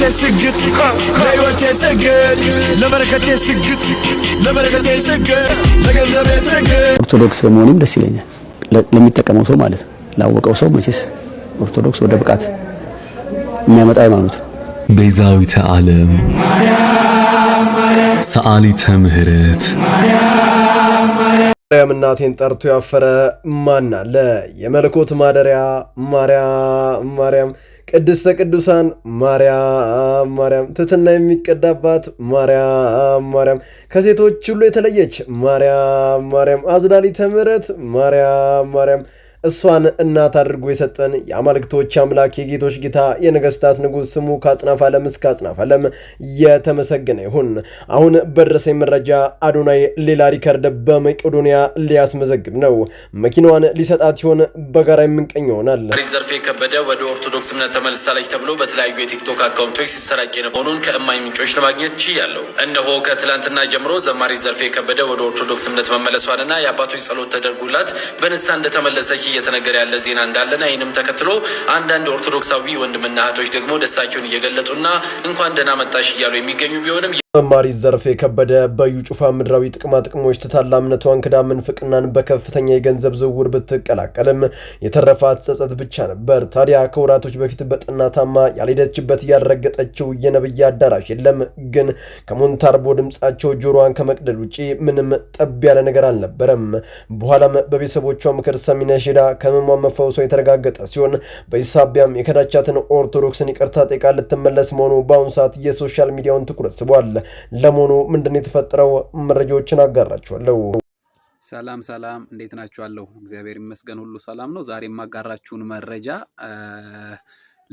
ለበረከቴ ለበረከቴ ለበረከቴ ለገንዘቤ ኦርቶዶክስ በመሆኔም ደስ ይለኛል። ለሚጠቀመው ሰው ማለት ነው፣ ላወቀው ሰው መቼስ ኦርቶዶክስ ወደ ብቃት የሚያመጣ ሃይማኖት ነው። ቤዛዊተ ዓለም ሰአሊተ ምሕረት ማርያም እናቴን ጠርቶ ያፈረ ማን አለ? የመለኮት ማደሪያ ማርያም ማርያም ቅድስተ ቅዱሳን ማርያም ማርያም ትትና የሚቀዳባት ማርያም ማርያም ከሴቶች ሁሉ የተለየች ማርያም ማርያም አዝላሊተ ምሕረት ማርያም ማርያም እሷን እናት አድርጎ የሰጠን የአማልክቶች አምላክ የጌቶች ጌታ የነገስታት ንጉሥ ስሙ ከአጽናፍ ዓለም እስከ አጽናፍ ዓለም የተመሰገነ ይሁን። አሁን በደረሰኝ መረጃ አዶናይ ሌላ ሪከርድ በመቄዶንያ ሊያስመዘግብ ነው። መኪናዋን ሊሰጣት ሲሆን በጋራ የምንቀኝ ይሆናል። ዘርፌ ከበደ ወደ ኦርቶዶክስ እምነት ተመልሳለች ተብሎ በተለያዩ የቲክቶክ አካውንቶች ሲሰራጭ መሆኑን ከእማኝ ምንጮች ለማግኘት ችያለሁ። እነሆ ከትላንትና ጀምሮ ዘማሪ ዘርፌ ከበደ ወደ ኦርቶዶክስ እምነት መመለሷንና የአባቶች ጸሎት ተደርጉላት በንሳ እንደተመለሰች እየተነገረ ያለ ዜና እንዳለና ይህንም ተከትሎ አንዳንድ ኦርቶዶክሳዊ ወንድምና እህቶች ደግሞ ደሳቸውን እየገለጡና እንኳን ደህና መጣሽ እያሉ የሚገኙ ቢሆንም መማሪ ዘርፌ የከበደ በዩ ጩፋ ምድራዊ ጥቅማ ጥቅሞች ተታላ እምነቷን ክዳ ምንፍቅናን በከፍተኛ የገንዘብ ዝውውር ብትቀላቀልም የተረፋት ጸጸት ብቻ ነበር። ታዲያ ከወራቶች በፊት በጠና ታማ ያልሄደችበት ያረገጠችው የነብይ አዳራሽ የለም። ግን ከሞንታርቦ ድምፃቸው ጆሮዋን ከመቅደል ውጪ ምንም ጠብ ያለ ነገር አልነበረም። በኋላም በቤተሰቦቿ ምክር ሰሚነሽ ሄዳ ከህመሟ መፈወሷ የተረጋገጠ ሲሆን በዚህ ሳቢያም የከዳቻትን ኦርቶዶክስን ይቅርታ ጠይቃ ልትመለስ መሆኑ በአሁኑ ሰዓት የሶሻል ሚዲያውን ትኩረት ስቧል። ለመሆኑ ምንድን የተፈጠረው? መረጃዎችን አጋራችኋለሁ። ሰላም ሰላም፣ እንዴት ናችኋለሁ? እግዚአብሔር ይመስገን ሁሉ ሰላም ነው። ዛሬ የማጋራችሁን መረጃ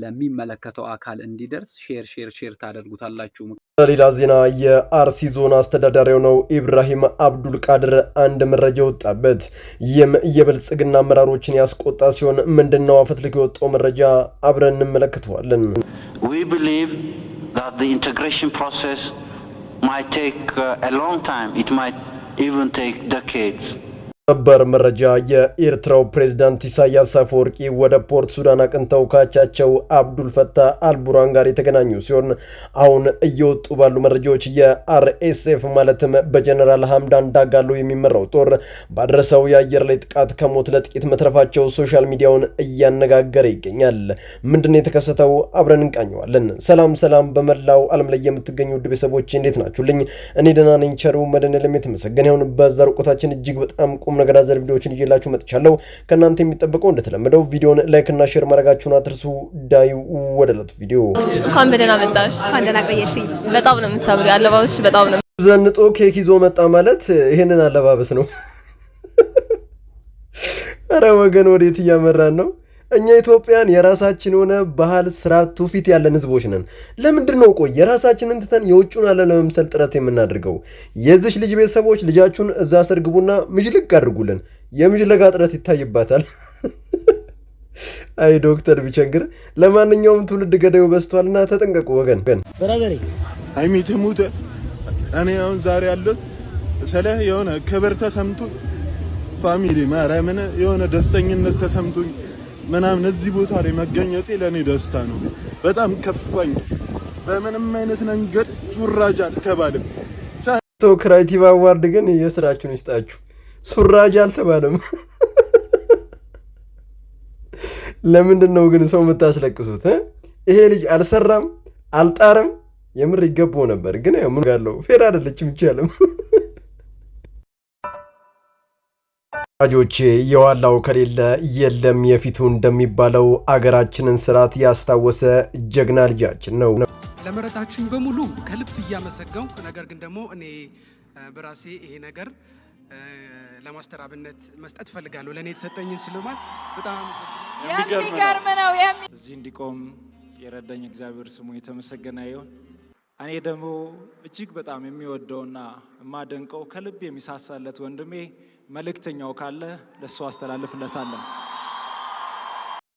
ለሚመለከተው አካል እንዲደርስ ሼር ሼር ሼር ታደርጉታላችሁ። በሌላ ዜና የአርሲ ዞን አስተዳዳሪ የሆነው ኢብራሂም አብዱል ቃድር አንድ መረጃ ወጣበት። ይህም የብልጽግና አመራሮችን ያስቆጣ ሲሆን ምንድን ነው ልክ የወጣው መረጃ አብረን እንመለከተዋለን። might take uh, a long time, it might even take decades. ሰበር መረጃ የኤርትራው ፕሬዝዳንት ኢሳያስ አፈወርቂ ወደ ፖርት ሱዳን አቅንተው ካቻቸው አብዱልፈታህ አልቡራን ጋር የተገናኙ ሲሆን አሁን እየወጡ ባሉ መረጃዎች የአርኤስኤፍ ማለትም በጀነራል ሀምዳን ዳጋሎ የሚመራው ጦር ባደረሰው የአየር ላይ ጥቃት ከሞት ለጥቂት መትረፋቸው ሶሻል ሚዲያውን እያነጋገረ ይገኛል። ምንድን የተከሰተው? አብረን እንቃኘዋለን። ሰላም ሰላም፣ በመላው ዓለም ላይ የምትገኙ ውድ ቤተሰቦች እንዴት ናችሁልኝ? እኔ ደህና ነኝ። ቸሩ መድኃኔዓለም የተመሰገነ ይሁን። በዛሬው ቆይታችን እጅግ በጣም ቁም ነገር አዘል ቪዲዮዎችን እየላችሁ መጥቻለሁ። ከእናንተ የሚጠበቀው እንደተለመደው ቪዲዮን ላይክ እና ሼር ማድረጋችሁን አትርሱ። ዳዩ ወደ ዕለቱ ቪዲዮ። እንኳን በደህና መጣሽ። እንኳን ደህና ቆየሽ። በጣም ነው የምታምሩ አለባበስሽ በጣም ነው ዘንጦ። ኬክ ይዞ መጣ ማለት ይህንን አለባበስ ነው። አረ ወገን ወዴት እያመራን ነው? እኛ ኢትዮጵያን የራሳችን የሆነ ባህል፣ ስርዓት፣ ትውፊት ያለን ህዝቦች ነን። ለምንድን ነው ቆይ የራሳችንን ትተን የውጭውን አለ ለመምሰል ጥረት የምናደርገው? የዚች ልጅ ቤተሰቦች ልጃችሁን እዛ ስር ግቡና ምዥልቅ አድርጉልን። የምዥለጋ ጥረት ይታይባታል። አይ ዶክተር ቢቸግር። ለማንኛውም ትውልድ ገዳዩ በዝቷልና ተጠንቀቁ ወገን። በራዘሪ አይሚ ትሙት። እኔ አሁን ዛሬ ያሉት ስለ የሆነ ክብር ተሰምቶ ፋሚሊ ማርያምን የሆነ ደስተኝነት ተሰምቶኝ ምናምን እዚህ ቦታ ላይ መገኘቴ ለእኔ ደስታ ነው። በጣም ከፋኝ። በምንም አይነት መንገድ ሱራጅ አልተባለም። ሰው ክሬቲቭ አዋርድ ግን የስራችሁን ይስጣችሁ። ሱራጅ አልተባለም። ለምንድን ነው ግን ሰው የምታስለቅሱት? ይሄ ልጅ አልሰራም፣ አልጣርም። የምር ይገባው ነበር ግን ምን ጋለው ፌር አይደለችም ይቻለም ወዳጆቼ የዋላው ከሌለ የለም የፊቱ እንደሚባለው አገራችንን ስርዓት ያስታወሰ ጀግና ልጃችን ነው። ለመረጣችን በሙሉ ከልብ እያመሰገው ነገር ግን ደግሞ እኔ በራሴ ይሄ ነገር ለማስተር አብነት መስጠት እፈልጋለሁ። ለእኔ የተሰጠኝን ሽልማት በጣም የሚገርም ነው። እዚህ እንዲቆም የረዳኝ እግዚአብሔር ስሙ የተመሰገነ ይሁን። እኔ ደግሞ እጅግ በጣም የሚወደውና የማደንቀው ከልብ የሚሳሳለት ወንድሜ መልእክተኛው ካለ ለእሱ አስተላልፍለታለሁ።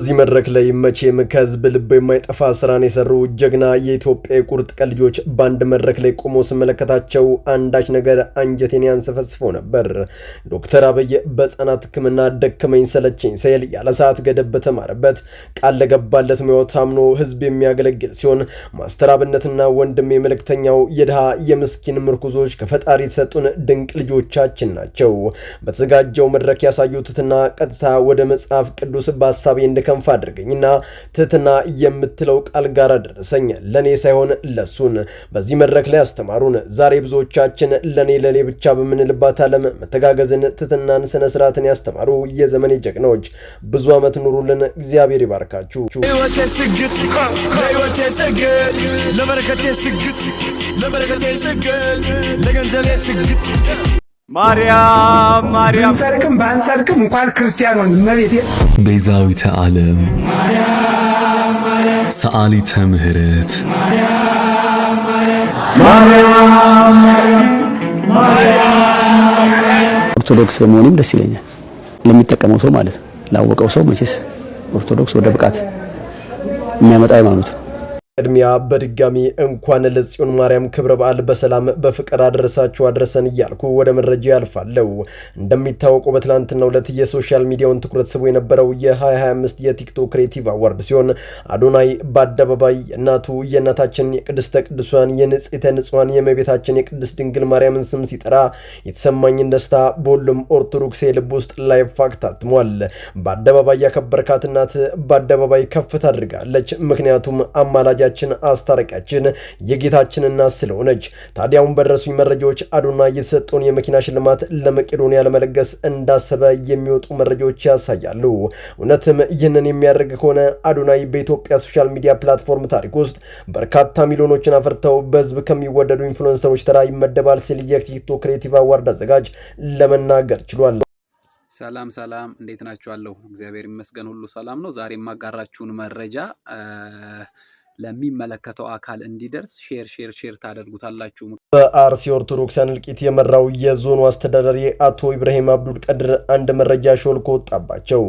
እዚህ መድረክ ላይ መቼም ከህዝብ ልብ የማይጠፋ ስራን የሰሩ ጀግና የኢትዮጵያ የቁርጥ ቀን ልጆች በአንድ መድረክ ላይ ቆሞ ስመለከታቸው አንዳች ነገር አንጀቴን ያንሰፈስፈው ነበር። ዶክተር አብይ በህጻናት ህክምና ደከመኝ ሰለቸኝ ሳይል ያለ ሰዓት ገደብ በተማረበት ቃል ለገባለት ሙያው ታምኖ ህዝብ የሚያገለግል ሲሆን ማስተር አብነትና ወንድም የመልእክተኛው የድሃ የምስኪን ምርኩዞች ከፈጣሪ የተሰጡን ድንቅ ልጆቻችን ናቸው። በተዘጋጀው መድረክ ያሳዩትና ቀጥታ ወደ መጽሐፍ ቅዱስ በሀሳቤ ክንፍ አድርገኝና ትህትና የምትለው ቃል ጋር ደረሰኝ። ለእኔ ሳይሆን ለሱን በዚህ መድረክ ላይ አስተማሩን። ዛሬ ብዙዎቻችን ለእኔ ለእኔ ብቻ በምንልባት ዓለም መተጋገዝን፣ ትህትናን፣ ስነ ስርዓትን ያስተማሩ የዘመኔ ጀግናዎች ብዙ ዓመት ኑሩልን። እግዚአብሔር ይባርካችሁ። ለበረከቴ ስግጥ ለገንዘቤ ስግጥ ማርያም ማርያም ብንሰርቅም ባንሰርቅም እንኳን ክርስቲያን ሆን መቤት ቤዛዊተ ዓለም ሰዓሊተ ምሕረት ኦርቶዶክስ በመሆኔም ደስ ይለኛል። ለሚጠቀመው ሰው ማለት ነው፣ ላወቀው ሰው መቼስ ኦርቶዶክስ ወደ ብቃት የሚያመጣ ሃይማኖት ነው። ቅድሚያ በድጋሚ እንኳን ለጽዮን ማርያም ክብረ በዓል በሰላም በፍቅር አደረሳችሁ አድረሰን እያልኩ ወደ መረጃ ያልፋለሁ። እንደሚታወቀው በትናንትናው ዕለት የሶሻል ሚዲያውን ትኩረት ስቦ የነበረው የ2025 የቲክቶክ ክሬቲቭ አዋርድ ሲሆን አዶናይ በአደባባይ እናቱ የእናታችን የቅድስተ ቅዱሳን የንጽሕተ ንጹሐን የእመቤታችን የቅድስት ድንግል ማርያምን ስም ሲጠራ የተሰማኝን ደስታ በሁሉም ኦርቶዶክስ የልብ ውስጥ ላይ ፋክት ታትሟል። በአደባባይ ያከበርካት እናት በአደባባይ ከፍ ታድርጋለች። ምክንያቱም አማላጃ አስታራቂያችን አስታረቂያችን የጌታችን እናት ስለሆነች ታዲያውን በደረሱኝ መረጃዎች አዶና የተሰጠውን የመኪና ሽልማት ለመቄዶንያ ለመለገስ እንዳሰበ የሚወጡ መረጃዎች ያሳያሉ። እውነትም ይህንን የሚያደርግ ከሆነ አዶናይ በኢትዮጵያ ሶሻል ሚዲያ ፕላትፎርም ታሪክ ውስጥ በርካታ ሚሊዮኖችን አፍርተው በህዝብ ከሚወደዱ ኢንፍሉዌንሰሮች ተራ ይመደባል ሲል የቲክቶክ ክሬቲቭ አዋርድ አዘጋጅ ለመናገር ችሏል። ሰላም ሰላም፣ እንዴት ናችኋለሁ? እግዚአብሔር ይመስገን ሁሉ ሰላም ነው። ዛሬ የማጋራችሁን መረጃ ለሚመለከተው አካል እንዲደርስ ሼር ሼር ሼር ታደርጉታላችሁ። በአርሲ ኦርቶዶክሳን እልቂት የመራው የዞኑ አስተዳዳሪ አቶ ኢብራሂም አብዱል ቀድር አንድ መረጃ ሾልኮ ወጣባቸው።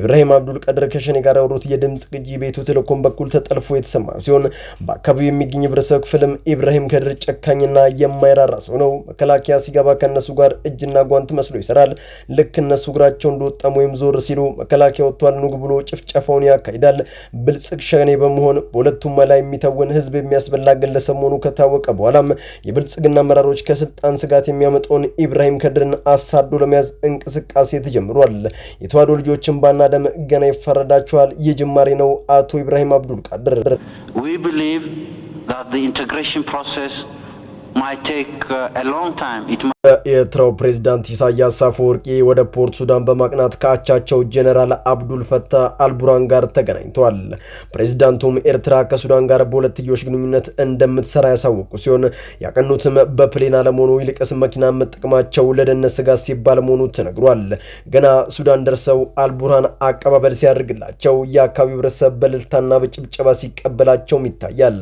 ኢብራሂም አብዱል ቀድር ከሸኔ ጋር ያወሩት የድምፅ ቅጂ ቤቱ ቴሌኮም በኩል ተጠልፎ የተሰማ ሲሆን በአካባቢው የሚገኝ ህብረተሰብ ክፍልም ኢብራሂም ከድር ጨካኝና የማይራራ ሰው ነው፣ መከላከያ ሲገባ ከእነሱ ጋር እጅና ጓንት መስሎ ይሰራል። ልክ እነሱ እግራቸው እንደወጠም ወይም ዞር ሲሉ መከላከያ ወጥቷል ንጉ ብሎ ጭፍጨፋውን ያካሂዳል። ብልጽግ ሸኔ በመሆን በሁለቱ ሁመላ የሚተውን ህዝብ የሚያስበላ ግለሰብ መሆኑ ከታወቀ በኋላም የብልጽግና አመራሮች ከስልጣን ስጋት የሚያመጣውን ኢብራሂም ከድርን አሳዶ ለመያዝ እንቅስቃሴ ተጀምሯል። የተዋሕዶ ልጆችን ባና ደም ገና ይፈረዳቸዋል። ይህ ጅማሬ ነው። አቶ ኢብራሂም አብዱል ቃድር Uh, የኤርትራው ፕሬዝዳንት ኢሳያስ አፈወርቂ ወደ ፖርት ሱዳን በማቅናት ከአቻቸው ጄኔራል አብዱል ፈታ አልቡራን ጋር ተገናኝተዋል። ፕሬዝዳንቱም ኤርትራ ከሱዳን ጋር በሁለትዮሽ ግንኙነት እንደምትሰራ ያሳወቁ ሲሆን ያቀኑትም በፕሌን አለመሆኑ ይልቅስ መኪና መጠቀማቸው ለደህንነት ስጋት ሲባል መሆኑ ተነግሯል። ገና ሱዳን ደርሰው አልቡራን አቀባበል ሲያደርግላቸው የአካባቢው ህብረተሰብ በልልታና በጭብጨባ ሲቀበላቸውም ይታያል።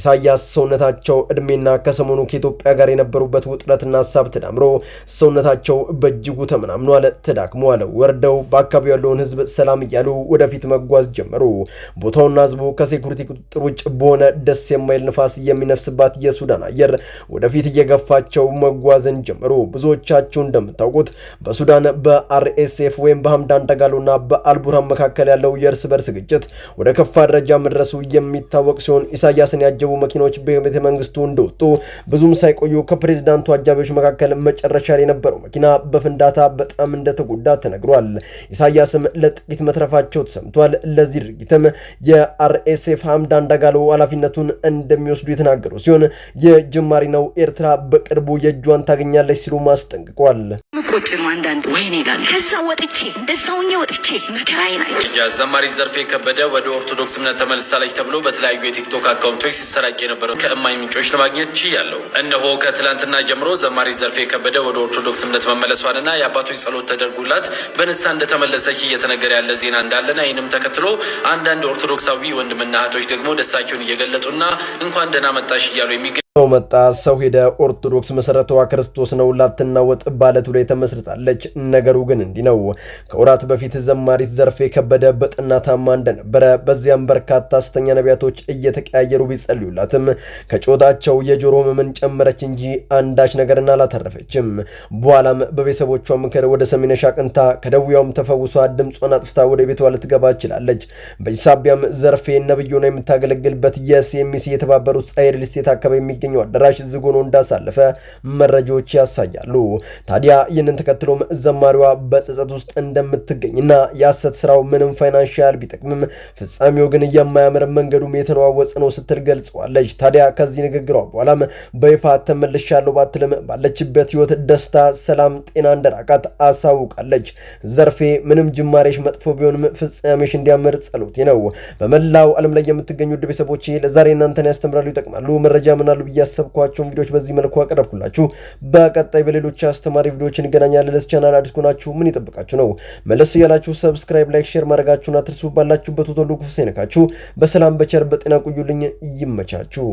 ኢሳያስ ሰውነታቸው እድሜና ከሰሞኑ ከኢትዮጵያ ጋር የነበሩበት ውጥረትና ሀሳብ ተዳምሮ ሰውነታቸው በእጅጉ ተመናምኗል፣ ተዳክሟል። ወርደው በአካባቢው ያለውን ህዝብ ሰላም እያሉ ወደፊት መጓዝ ጀመሩ። ቦታውና ህዝቡ ከሴኩሪቲ ቁጥጥር ውጭ በሆነ ደስ የማይል ንፋስ የሚነፍስባት የሱዳን አየር ወደፊት እየገፋቸው መጓዝን ጀመሩ። ብዙዎቻችሁ እንደምታውቁት በሱዳን በአርኤስኤፍ ወይም በሐምዳን ዳጋሎና በአልቡርሃን መካከል ያለው የእርስ በርስ ግጭት ወደ ከፋ ደረጃ መድረሱ የሚታወቅ ሲሆን ኢሳያስን ያጀቡ መኪናዎች በቤተ መንግስቱ እንደወጡ ብዙ ብዙም ሳይቆዩ ከፕሬዝዳንቱ አጃቢዎች መካከል መጨረሻ ላይ የነበረው መኪና በፍንዳታ በጣም እንደተጎዳ ተነግሯል። ኢሳያስም ለጥቂት መትረፋቸው ተሰምቷል። ለዚህ ድርጊትም የአርኤስኤፍ ሐምዳን ዳጋሎ ኃላፊነቱን እንደሚወስዱ የተናገሩ ሲሆን የጅማሪ ነው፣ ኤርትራ በቅርቡ የእጇን ታገኛለች ሲሉ ማስጠንቅቋል። ስቆጭ ነው አንዳንድ ወይኔ ይላል። ከዛ ወጥቼ እንደዛውኛ ወጥቼ መከራዬ ናቸው። የአዘማሪ ዘርፌ ከበደ ወደ ኦርቶዶክስ እምነት ተመልሳለች ተብሎ በተለያዩ የቲክቶክ አካውንቶች ሲሰራጭ የነበረው ከእማኝ ምንጮች ለማግኘት ችያለሁ። እነሆ ከትላንትና ጀምሮ ዘማሪ ዘርፌ ከበደ ወደ ኦርቶዶክስ እምነት መመለሷንና የአባቶች ጸሎት ተደርጉላት በንሳ እንደተመለሰች እየተነገረ ያለ ዜና እንዳለና ይህንም ተከትሎ አንዳንድ ኦርቶዶክሳዊ ወንድምና እህቶች ደግሞ ደሳቸውን እየገለጡና እንኳን ደህና መጣሽ እያሉ የሚገ ሰው መጣ ሰው ሄደ። ኦርቶዶክስ መሰረተዋ ክርስቶስ ነው፣ ላትናወጥ ባለቱ ላይ ተመስርታለች። ነገሩ ግን እንዲህ ነው። ከወራት በፊት ዘማሪት ዘርፌ ከበደ በጠና ታማ እንደነበረ በዚያም በርካታ ሐሰተኛ ነቢያቶች እየተቀያየሩ ቢጸልዩላትም ከጮታቸው የጆሮ ህመምን ጨመረች እንጂ አንዳች ነገርን አላተረፈችም። በኋላም በቤተሰቦቿ ምክር ወደ ሰሜን ሻቅንታ ከደዌዋም ተፈውሷ ድምጿን አጥፍታ ወደ ቤቷ ልትገባ ችላለች። በዚህ ሳቢያም ዘርፌ ነብዩ ነው የምታገለግልበት የሴሚሲ የተባበሩት ጸይር ሊስቴት አካባቢ የሚገ የሚገኘው አዳራሽ ዝግ ሆኖ እንዳሳለፈ መረጃዎች ያሳያሉ። ታዲያ ይህንን ተከትሎም ዘማሪዋ በጸጸት ውስጥ እንደምትገኝና የሐሰት ስራው ምንም ፋይናንሻል ቢጠቅምም ፍጻሜው ግን የማያምር መንገዱም የተነዋወጸ ነው ስትል ገልጸዋለች። ታዲያ ከዚህ ንግግሯ በኋላም በይፋ ተመልሻለሁ ባትልም ባለችበት ህይወት ደስታ፣ ሰላም፣ ጤና እንደራቃት አሳውቃለች። ዘርፌ ምንም ጅማሬሽ መጥፎ ቢሆንም ፍጻሜሽ እንዲያምር ጸሎቴ ነው። በመላው ዓለም ላይ የምትገኙ ውድ ቤተሰቦቼ ለዛሬ እናንተን ያስተምራሉ፣ ይጠቅማሉ፣ መረጃ ምናሉ ብዬ እያሰብኳቸውን ቪዲዮዎች በዚህ መልኩ አቀረብኩላችሁ። በቀጣይ በሌሎች አስተማሪ ቪዲዮዎች እንገናኛለን። ለዚህ ቻናል አዲስ ከሆናችሁ ምን ይጠብቃችሁ ነው? መለስ እያላችሁ ሰብስክራይብ፣ ላይክ፣ ሼር ማድረጋችሁን አትርሱ። ባላችሁበት ወተሉ ክፉ ሳይነካችሁ በሰላም በቸር በጤና ቆዩልኝ። ይመቻችሁ።